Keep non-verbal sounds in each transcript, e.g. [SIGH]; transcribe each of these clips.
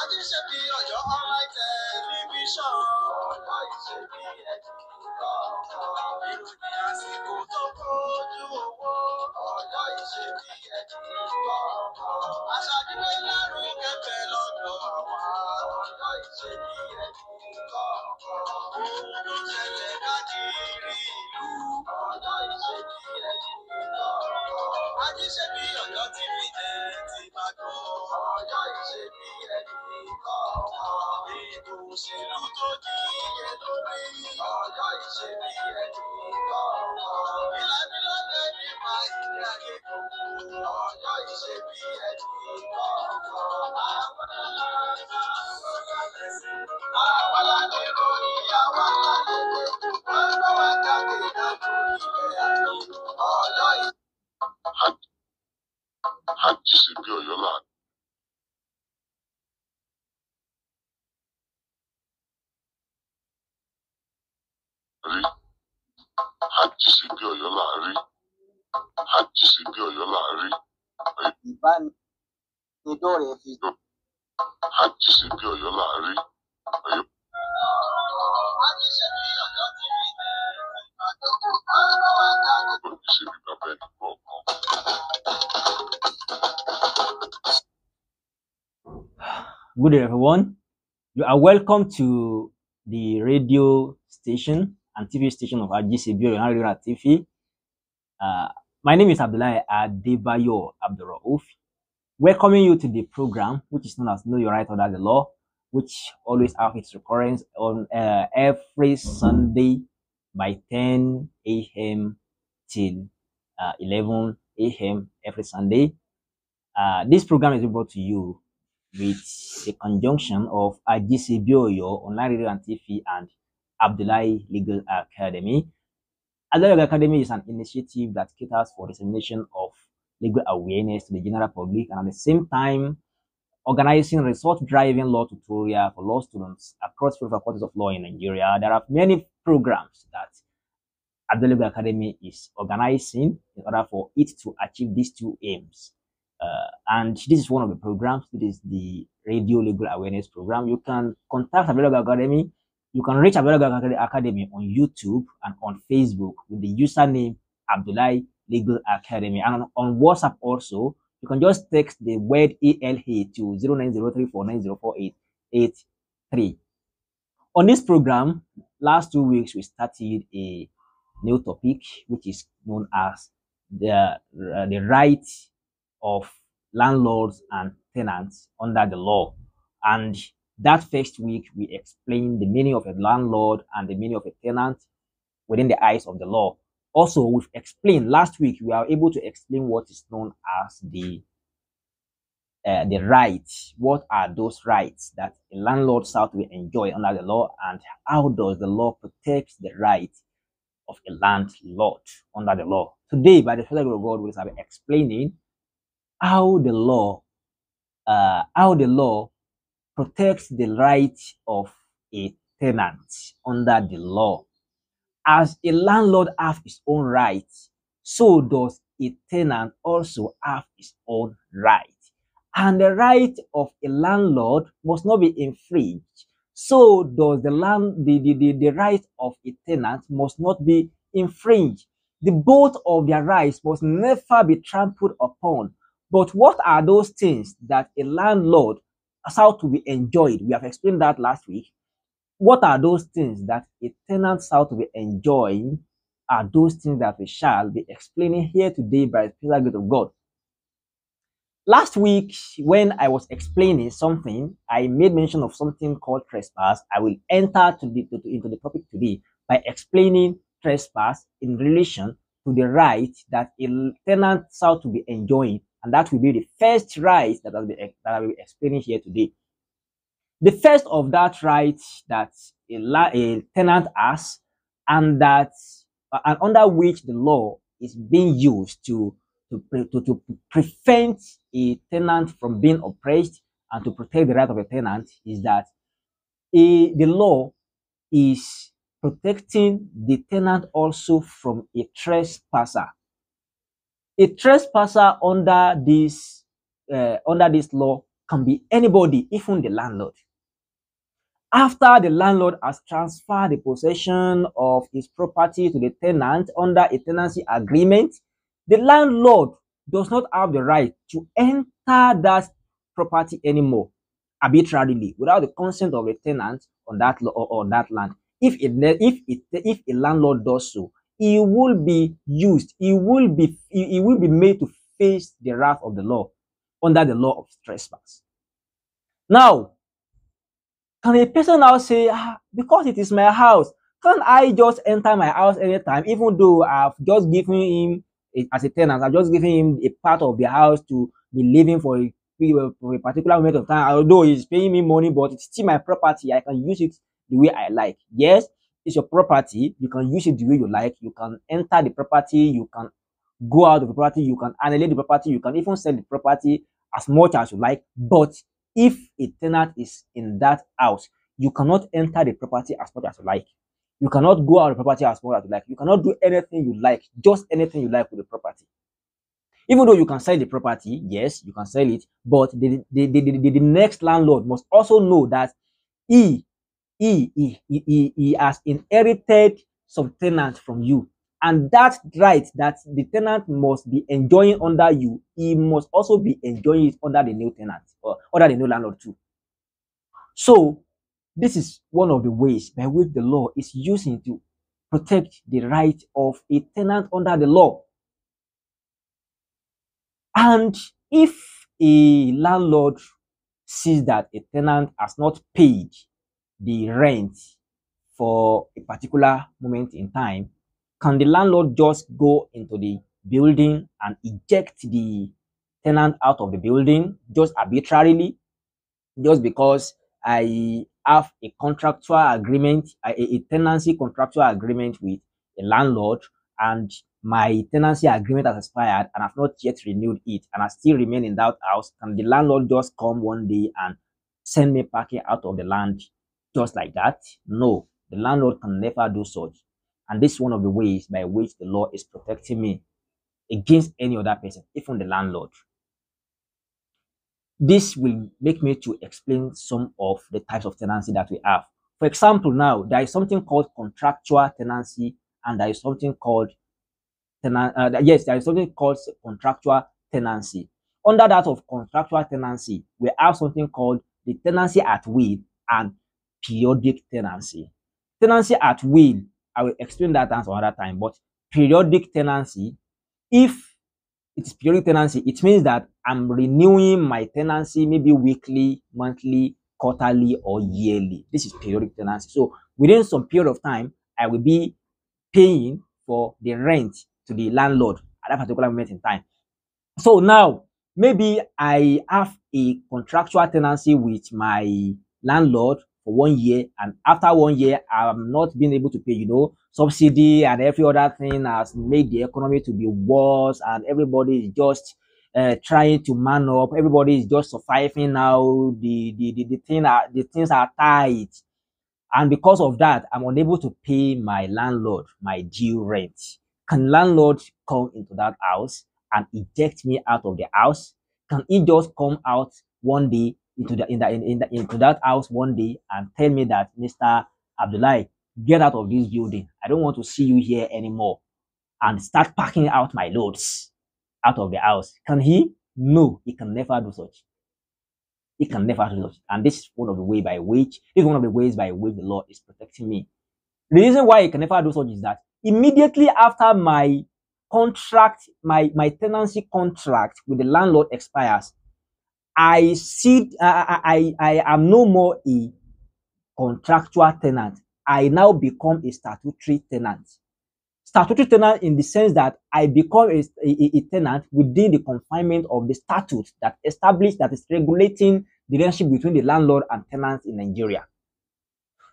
àjíṣebí ọ̀yọ́ online television ọ̀la ìṣebí ẹ̀dùnkúrọ̀ ìròyìn àsìkò tó kójú owó ọ̀la ìṣebí ẹ̀dùnkúrọ̀ àṣàdúgbò lárugẹ bẹ̀ lọ́dọ̀ wa ọ̀la ìṣebí ẹ̀dùnkúrọ̀ òun ló ṣẹlẹ̀ káàkiri ìlú ọ̀la ìṣebí ẹ̀dùnkúrọ̀ àjíṣebí ọ̀yọ́ tv jẹ́ ti máa gbọ́. àjíṣebí Ọ̀yọ́ là ní fi. bí Ọ̀yọ́ láàrin Good day, everyone. You are welcome to the radio station and TV station of RGCB Radio TV. Uh, my name is Abdullah Adebayo Abdurrauf, welcoming you to the program, which is known as Know Your Right Under the Law, which always have its recurrence on uh, every Sunday by 10 a.m. till uh, 11 a.m. every Sunday. Uh, this program is brought to you with a conjunction of IGC Oyo, Online Radio and TV, and Abdullahi Legal Academy. Alaric Academy is an initiative that caters for dissemination of legal awareness to the general public and at the same time organizing resource-driving law tutorial for law students across field faculties of law in Nigeria. There are many programs that Abdul Academy is organizing in order for it to achieve these two aims. Uh, and this is one of the programs. It is the Radio Legal Awareness Program. You can contact Abdul Academy you can reach Abdullah Academy on YouTube and on Facebook with the username Abdullah Legal Academy. And on, on WhatsApp also, you can just text the word ELH to 090349048883. On this program, last two weeks we started a new topic which is known as the, uh, the right of landlords and tenants under the law. And that first week, we explained the meaning of a landlord and the meaning of a tenant within the eyes of the law. Also, we've explained last week, we are able to explain what is known as the uh, the rights. What are those rights that a landlord South will enjoy under the law, and how does the law protect the rights of a landlord under the law? Today, by the Federal of God, we will be explaining how the law, uh, how the law protects the right of a tenant under the law. As a landlord has his own rights, so does a tenant also have his own right. And the right of a landlord must not be infringed. So does the land the, the, the, the right of a tenant must not be infringed. The both of their rights must never be trampled upon. But what are those things that a landlord how to be enjoyed. We have explained that last week. What are those things that eternal to be enjoying? Are those things that we shall be explaining here today by the Spirit of God. Last week, when I was explaining something, I made mention of something called trespass. I will enter to the, to, into the topic today by explaining trespass in relation to the right that a tenant sought to be enjoying and that will be the first right that, I'll be, that I will explaining here today. The first of that right that a, a tenant has and that uh, and under which the law is being used to to, to, to prevent a tenant from being oppressed and to protect the right of a tenant is that a, the law is protecting the tenant also from a trespasser a trespasser under this uh, under this law can be anybody, even the landlord. After the landlord has transferred the possession of his property to the tenant under a tenancy agreement, the landlord does not have the right to enter that property anymore arbitrarily without the consent of the tenant on that on that land. If it, if it, if a landlord does so, he will be used, he will be he will be made to face the wrath of the law under the law of trespass. Now, can a person now say, ah, because it is my house, can't I just enter my house anytime, even though I've just given him as a tenant, I've just given him a part of the house to be living for a, for a particular moment of time, although he's paying me money, but it's still my property, I can use it the way I like. Yes, it's your property. You can use it the way you like. You can enter the property. You can go out of the property. You can annihilate the property. You can even sell the property as much as you like. But if a tenant is in that house, you cannot enter the property as much as you like. You cannot go out of the property as much as you like. You cannot do anything you like, just anything you like with the property. Even though you can sell the property, yes, you can sell it, but the, the, the, the, the next landlord must also know that he he, he, he, he has inherited some tenant from you. And that right that the tenant must be enjoying under you, he must also be enjoying it under the new tenant or under the new landlord too. So this is one of the ways by which the law is using to protect the right of a tenant under the law. And if a landlord sees that a tenant has not paid the rent for a particular moment in time, can the landlord just go into the building and eject the tenant out of the building just arbitrarily, just because I have a contractual agreement, a, a tenancy contractual agreement with a landlord, and my tenancy agreement has expired and I've not yet renewed it, and I still remain in that house, and the landlord just come one day and send me packing out of the land just like that. No, the landlord can never do such. And this is one of the ways by which the law is protecting me against any other person, even the landlord. This will make me to explain some of the types of tenancy that we have. For example, now there is something called contractual tenancy, and there is something called Uh, yes, there is something called contractual tenancy. Under that of contractual tenancy, we have something called the tenancy at will and periodic tenancy. Tenancy at will, I will explain that at another time, but periodic tenancy, if it's periodic tenancy, it means that I'm renewing my tenancy maybe weekly, monthly, quarterly, or yearly. This is periodic tenancy. So within some period of time, I will be paying for the rent to the landlord at that particular moment in time. So now, maybe I have a contractual tenancy with my landlord for one year and after one year i'm not being able to pay you know subsidy and every other thing has made the economy to be worse and everybody is just uh, trying to man up everybody is just surviving now the the the, the thing are the things are tight and because of that i'm unable to pay my landlord my due rent can landlord come into that house and eject me out of the house can he just come out one day into the in that in, the, into that house one day and tell me that Mr. Abdullah, get out of this building. I don't want to see you here anymore. And start packing out my loads out of the house. Can he? No, he can never do such. He can never do such. And this is one of the ways by which is one of the ways by which the Lord is protecting me. The reason why he can never do such is that immediately after my contract, my, my tenancy contract with the landlord expires, I see, I, I, I am no more a contractual tenant. I now become a statutory tenant. Statutory tenant in the sense that I become a, a, a tenant within the confinement of the statute that established that is regulating the relationship between the landlord and tenants in Nigeria.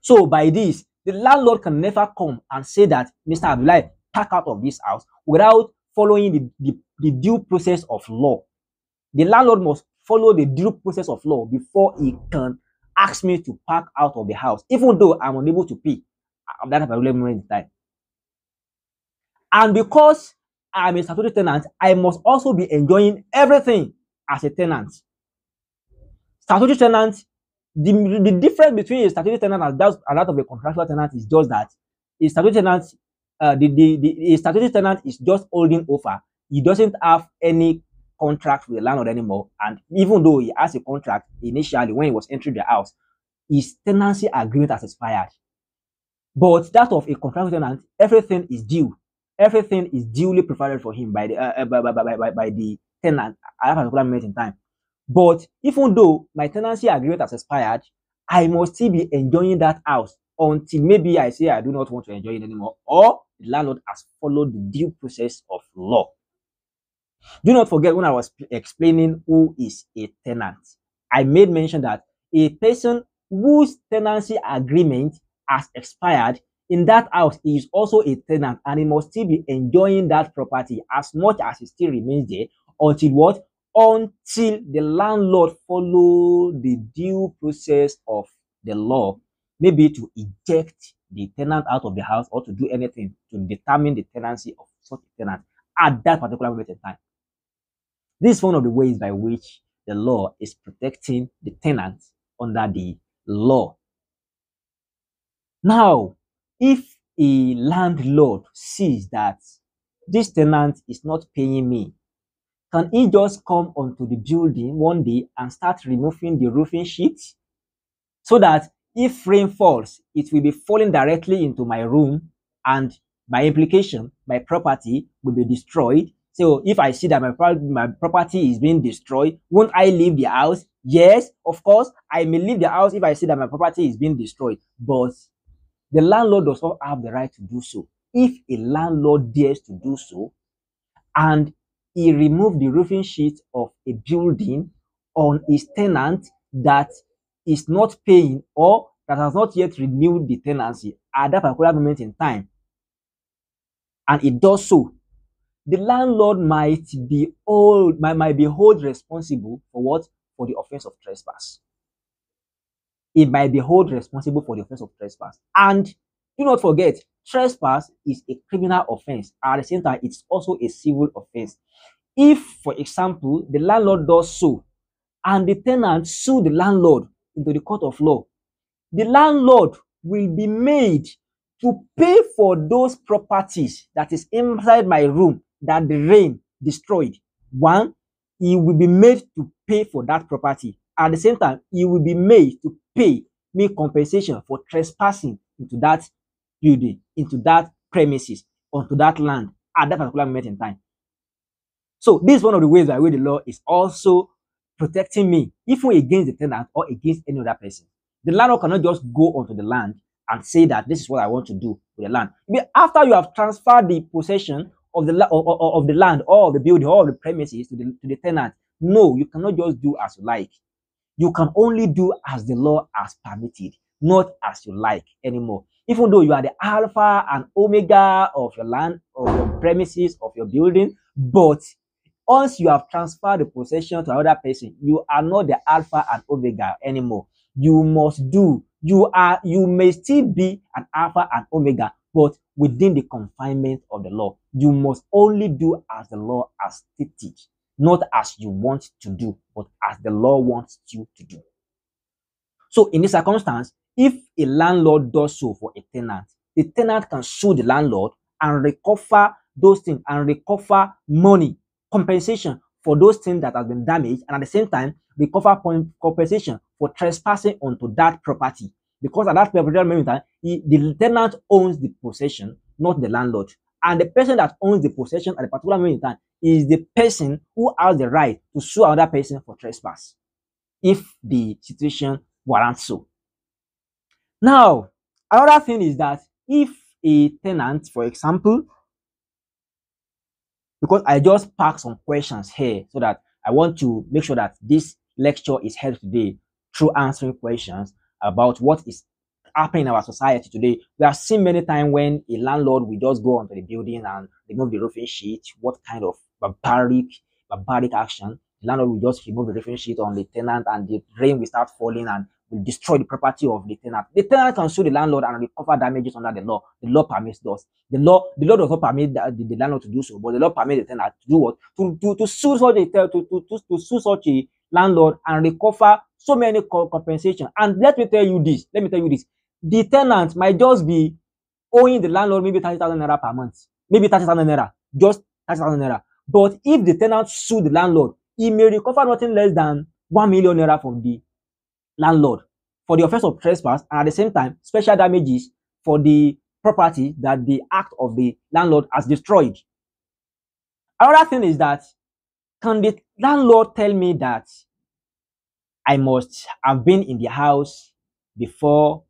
So by this, the landlord can never come and say that Mr. Abdullah pack out of this house without following the, the, the due process of law. The landlord must follow the due process of law before he can ask me to park out of the house, even though I'm unable to pay. I'm that problem at the time. And because I'm a statutory tenant, I must also be enjoying everything as a tenant. Statutory tenant, the, the difference between a statutory tenant and that, and that of a contractual tenant is just that a statutory tenant, uh, the, the, the, a statutory tenant is just holding offer. He doesn't have any contract with the landlord anymore. And even though he has a contract initially when he was entering the house, his tenancy agreement has expired. But that of a contract tenant, everything is due. Everything is duly provided for him by the uh, uh, by, by, by, by, by the tenant at that particular moment in time. But even though my tenancy agreement has expired, I must still be enjoying that house until maybe I say I do not want to enjoy it anymore, or the landlord has followed the due process of law. Do not forget when I was explaining who is a tenant, I made mention that a person whose tenancy agreement has expired in that house is also a tenant and he must still be enjoying that property as much as it still remains there until what? Until the landlord follow the due process of the law, maybe to eject the tenant out of the house or to do anything to determine the tenancy of such a tenant at that particular moment in time. This is one of the ways by which the law is protecting the tenant under the law. Now, if a landlord sees that this tenant is not paying me, can he just come onto the building one day and start removing the roofing sheet so that if rain falls, it will be falling directly into my room and by implication, my property will be destroyed so if I see that my, my property is being destroyed, won't I leave the house? Yes, of course, I may leave the house if I see that my property is being destroyed. But the landlord does not have the right to do so. If a landlord dares to do so, and he removed the roofing sheet of a building on his tenant that is not paying or that has not yet renewed the tenancy at that particular moment in time, and it does so the landlord might be old might, might be held responsible for what for the offense of trespass it might be held responsible for the offense of trespass and do not forget trespass is a criminal offense at the same time it's also a civil offense if for example the landlord does so and the tenant sue the landlord into the court of law the landlord will be made to pay for those properties that is inside my room that the rain destroyed, one, he will be made to pay for that property. At the same time, he will be made to pay me compensation for trespassing into that building, into that premises, onto that land at that particular moment in time. So this is one of the ways by which the law is also protecting me, even against the tenant or against any other person. The landlord cannot just go onto the land and say that this is what I want to do with the land. But after you have transferred the possession of the, of, of the land, all the building, all the premises to the, to the tenant. No, you cannot just do as you like. You can only do as the law has permitted, not as you like anymore. Even though you are the alpha and omega of your land, of your premises, of your building, but once you have transferred the possession to another person, you are not the alpha and omega anymore. You must do. You are. You may still be an alpha and omega, but within the confinement of the law. You must only do as the law has teach, not as you want to do, but as the law wants you to do. So in this circumstance, if a landlord does so for a tenant, the tenant can sue the landlord and recover those things and recover money, compensation for those things that have been damaged, and at the same time, recover compensation for trespassing onto that property because at that particular moment the tenant owns the possession, not the landlord. And the person that owns the possession at a particular moment is the person who has the right to sue another person for trespass, if the situation warrants so. Now, another thing is that if a tenant, for example, because I just pack some questions here so that I want to make sure that this lecture is held today through answering questions about what is happening in our society today. We have seen many times when a landlord will just go onto the building and remove the roofing sheet. What kind of barbaric, barbaric action? The landlord will just remove the roofing sheet on the tenant, and the rain will start falling and will destroy the property of the tenant. The tenant can sue the landlord and recover damages under the law. The law permits us. The law, the law does not permit the, the, the landlord to do so, but the law permits the tenant to do what to to, to sue such a to, to, to, to sue such a landlord and recover so many co compensation. And let me tell you this, let me tell you this. The tenant might just be owing the landlord maybe 30,000 naira per month, maybe 30,000 naira, just 30,000 naira. But if the tenant sued the landlord, he may recover nothing less than 1 million naira from the landlord for the offense of trespass and at the same time special damages for the property that the act of the landlord has destroyed. Another thing is that Can the landlord tell me that I must have been in the house before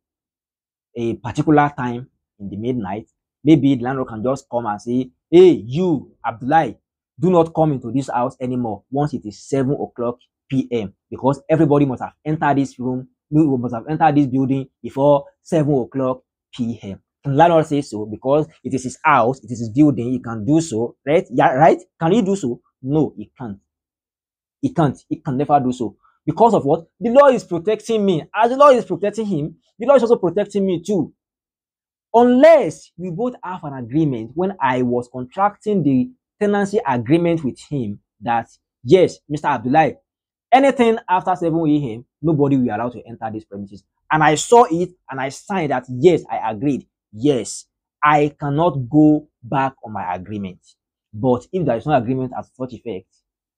a particular time in the midnight? Maybe the landlord can just come and say, Hey, you, Abdullah, do not come into this house anymore once it is 7 o'clock p.m. because everybody must have entered this room, must have entered this building before 7 o'clock p.m. Can landlord say so because it is his house, it is his building, he can do so, right? Yeah, right? Can he do so? No, he can't. He can't. He can never do so. Because of what? The law is protecting me. As the law is protecting him, the law is also protecting me too. Unless we both have an agreement when I was contracting the tenancy agreement with him that, yes, Mr. Abdullah, anything after 7 a.m., nobody will allow to enter these premises. And I saw it and I signed that, yes, I agreed. Yes, I cannot go back on my agreement. But if there is no agreement as such effect,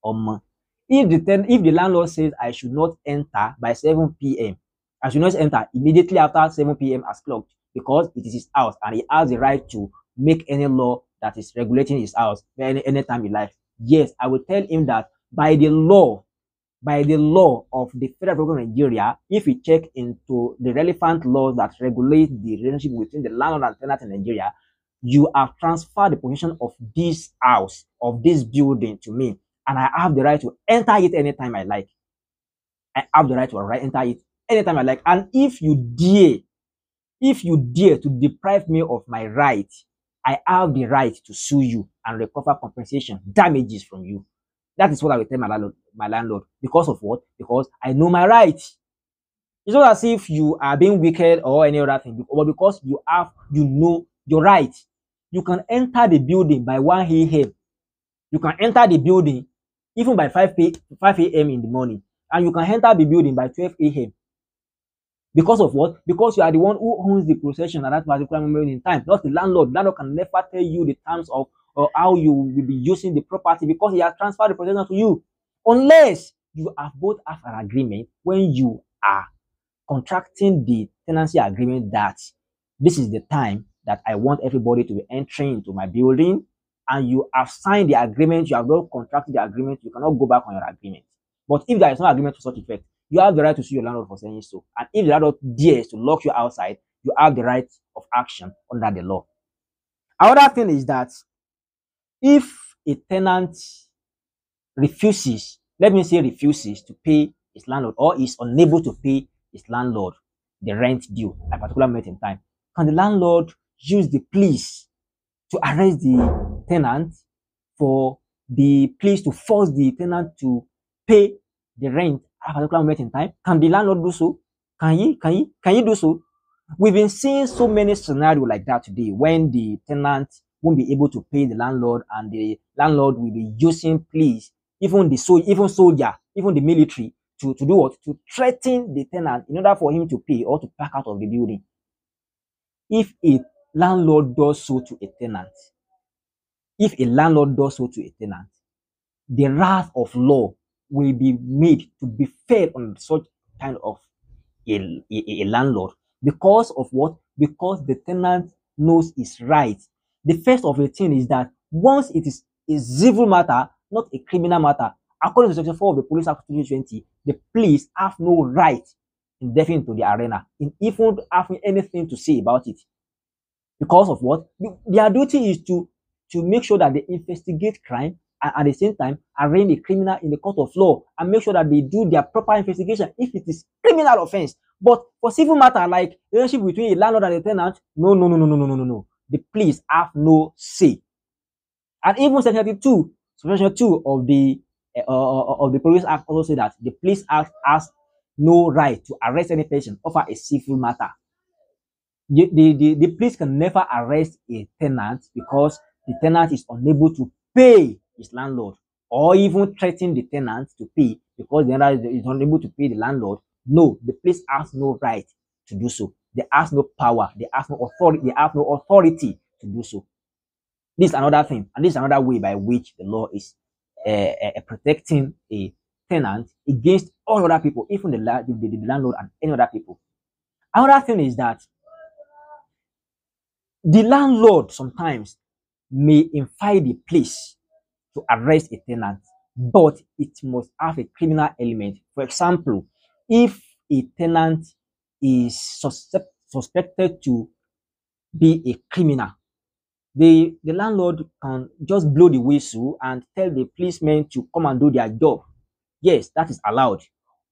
um, if the ten if the landlord says I should not enter by 7 p.m., I should not enter immediately after 7 p.m. as clocked because it is his house and he has the right to make any law that is regulating his house any time in life. Yes, I will tell him that by the law, by the law of the Federal Republic of Nigeria, if we check into the relevant laws that regulate the relationship between the landlord and tenant in Nigeria, you have transferred the possession of this house, of this building to me, and I have the right to enter it anytime I like. I have the right to enter it anytime I like. And if you dare, if you dare to deprive me of my right, I have the right to sue you and recover compensation, damages from you. That is what I will tell my landlord, my landlord. Because of what? Because I know my right. It's not as if you are being wicked or any other thing, but because you have, you know your right. you can enter the building by 1 a.m. You can enter the building even by 5 a, a.m. in the morning. And you can enter the building by 12 a.m. Because of what? Because you are the one who owns the procession at that particular moment in time, not the landlord. Landlord can never tell you the terms of or how you will be using the property because he has transferred the procession to you. Unless you have both have an agreement when you are contracting the tenancy agreement that this is the time that I want everybody to be entering into my building and you have signed the agreement, you have not contracted the agreement, you cannot go back on your agreement. But if there is no agreement to such effect, you have the right to sue your landlord for saying so. And if the landlord dares to lock you outside, you have the right of action under the law. Another thing is that if a tenant refuses, let me say refuses to pay his landlord or is unable to pay his landlord the rent due at a particular moment in time, can the landlord Use the police to arrest the tenant for the police to force the tenant to pay the rent at a particular moment in time? Can the landlord do so? Can he? Can he? Can he do so? We've been seeing so many scenarios like that today when the tenant won't be able to pay the landlord and the landlord will be using police, even the so even soldier, even the military to, to do what? To threaten the tenant in order for him to pay or to pack out of the building. If a landlord does so to a tenant, if a landlord does so to a tenant, the wrath of law will be made to be fair on such kind of a, a, a landlord because of what? Because the tenant knows his right. The first of the thing is that once it is a civil matter, not a criminal matter, according to section 4 of the Police Act 2020, the police have no right in diving into the arena, in even having anything to say about it. Because of what? Their duty is to, to make sure that they investigate crime and at the same time arraign the criminal in the court of law and make sure that they do their proper investigation if it is criminal offense. But for civil matter like relationship between a landlord and a tenant, no, no, no, no, no, no, no, no, no. The police have no say. And even section 2, section 2 of the uh, of the police act also say that the police act has no right to arrest any person over a civil matter the, the, the police can never arrest a tenant because the tenant is unable to pay his landlord or even threaten the tenant to pay because the landlord is unable to pay the landlord. No, the police has no right to do so. They have no power. They have no authority. They have no authority to do so. This is another thing, and this is another way by which the law is uh, uh, protecting a tenant against all other people, even the, the, the landlord and any other people. Another thing is that the landlord sometimes may invite the police to arrest a tenant, but it must have a criminal element. For example, if a tenant is suspect, suspected to be a criminal, the, the landlord can just blow the whistle and tell the policemen to come and do their job. Yes, that is allowed.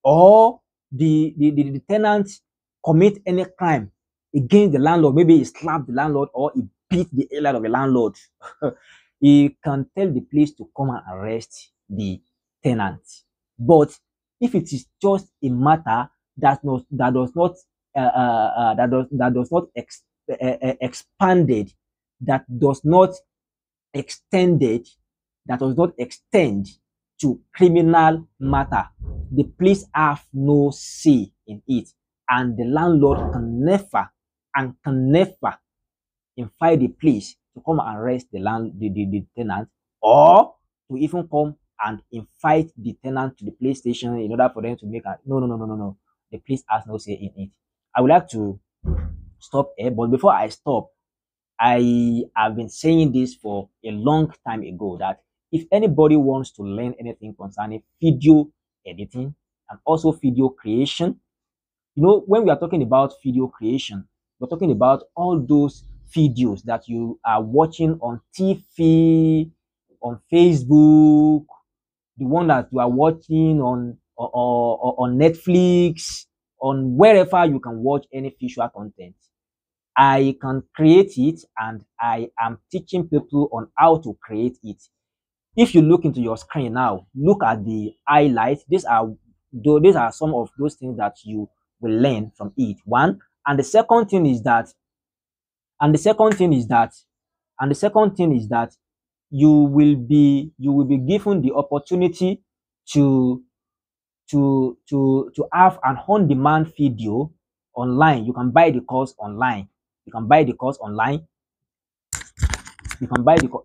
Or the, the, the, the tenant commit any crime against the landlord. Maybe he slapped the landlord or he beat the out of the landlord. [LAUGHS] he can tell the police to come and arrest the tenant. But if it is just a matter that not that does not uh, uh, uh that does that does not ex, uh, uh, uh, expanded, that does not extended, that does not extend to criminal matter, the police have no say in it, and the landlord can never and can never invite the police to come and arrest the land the, the, the tenant or to even come and invite the tenant to the police station in order for them to make a no no no no no no the police has no say in it i would like to stop here but before i stop i have been saying this for a long time ago that if anybody wants to learn anything concerning video editing and also video creation you know when we are talking about video creation we're talking about all those videos that you are watching on TV, on Facebook, the one that you are watching on or, or, or on Netflix, on wherever you can watch any visual content. I can create it and I am teaching people on how to create it. If you look into your screen now, look at the highlights. These are these are some of those things that you will learn from it. One, and the second thing is that, and the second thing is that, and the second thing is that you will be you will be given the opportunity to to to to have an on-demand video online. You can buy the course online. You can buy the course online. You can buy the course.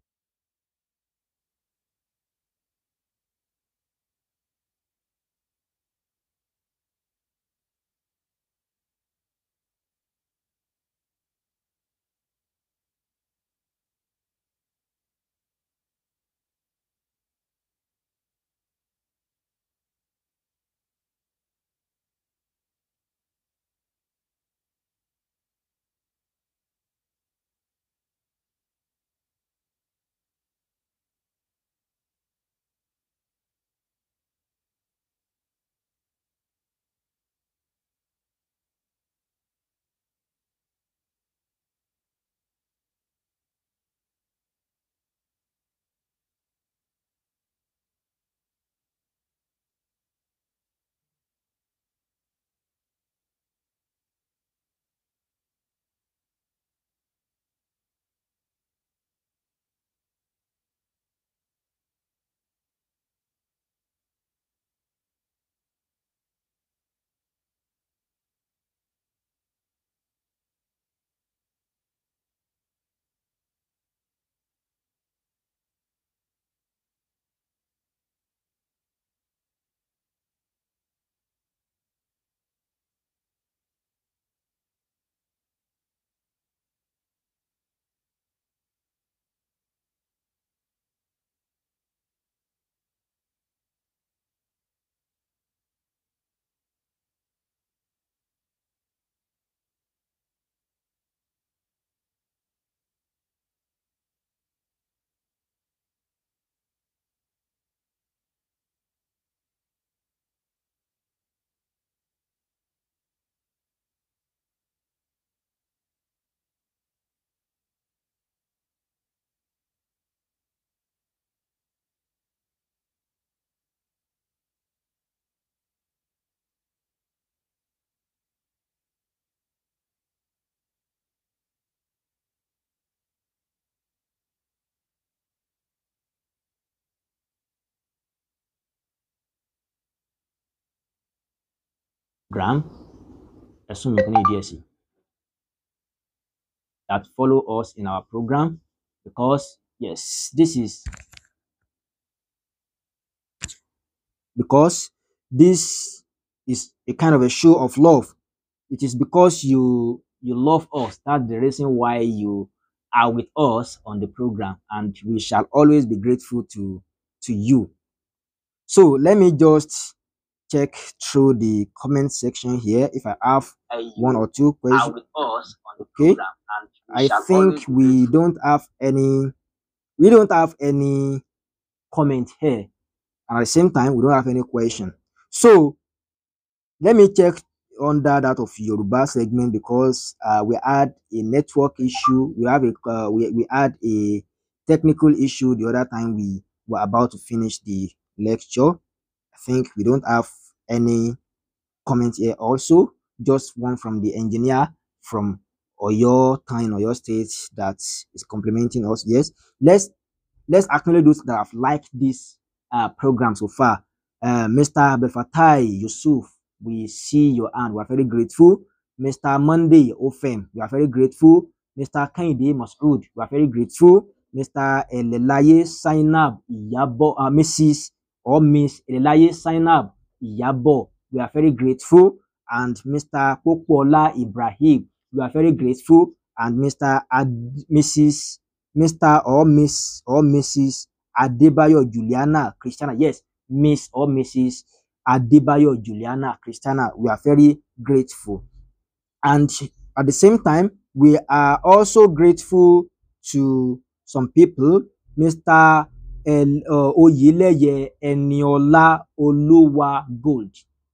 gram that follow us in our program because yes this is because this is a kind of a show of love it is because you you love us that's the reason why you are with us on the program and we shall always be grateful to to you so let me just check through the comment section here if I have one or two questions. Okay. I think we don't have any we don't have any comment here. And at the same time, we don't have any question. So let me check under that of Yoruba segment because uh, we had a network issue. We have a uh, we, we had a technical issue the other time we were about to finish the lecture. I think we don't have any comments here also just one from the engineer from or your town or your state that is complimenting us yes let's let's acknowledge those that have liked this uh, program so far uh, mr belfatai yusuf we see your hand we are very grateful mr monday ofem we are very grateful mr kennedy masood we are very grateful mr elelaye sign up yabo uh, mrs or miss elelaye sign up Iyabo. We are very grateful. And Mr. Popoola Ibrahim. We are very grateful. And Mr. Ad Mrs. Mr. or Miss or Mrs. Adebayo Juliana Christiana. Yes, Miss or Mrs. Adebayo Juliana Christiana. We are very grateful. And at the same time, we are also grateful to some people. Mr. Uh, Oyeleye Eniola Oluwagold.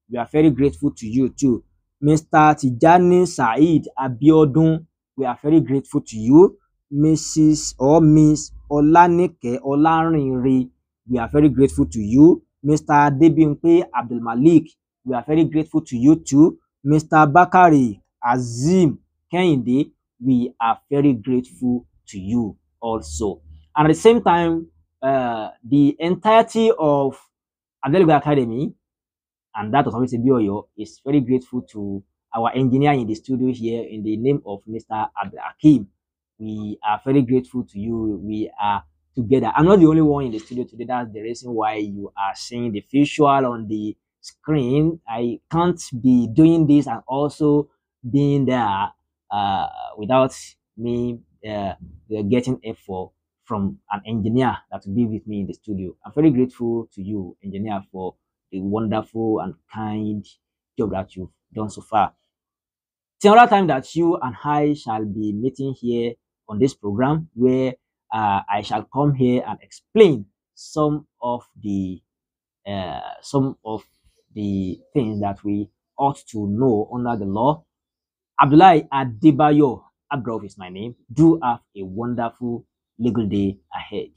We are very grateful to you too. Mr. Tijani Said Abiodun. We are very grateful to you. Mrs. or Miss Olanike Olarinre. We are very grateful to you. Mr. Debimpe Malik. We are very grateful to you too. Mr. Bakari Azim Kehinde. We are very grateful to you also. And at the same time, the entirety of Adelugu Academy and that of Samisi Bioyo is very grateful to our engineer in the studio here in the name of Mr. Abdul Akim. We are very grateful to you. We are together. I'm not the only one in the studio today. That's the reason why you are seeing the visual on the screen. I can't be doing this and also being there uh, without me uh, getting effort from an engineer that will be with me in the studio. I'm very grateful to you, engineer, for the wonderful and kind job that you've done so far. It's another time that you and I shall be meeting here on this program where uh, I shall come here and explain some of the uh, some of the things that we ought to know under the law. Abdullah Adibayo Abdullah is my name. Do have a wonderful legal day ahead.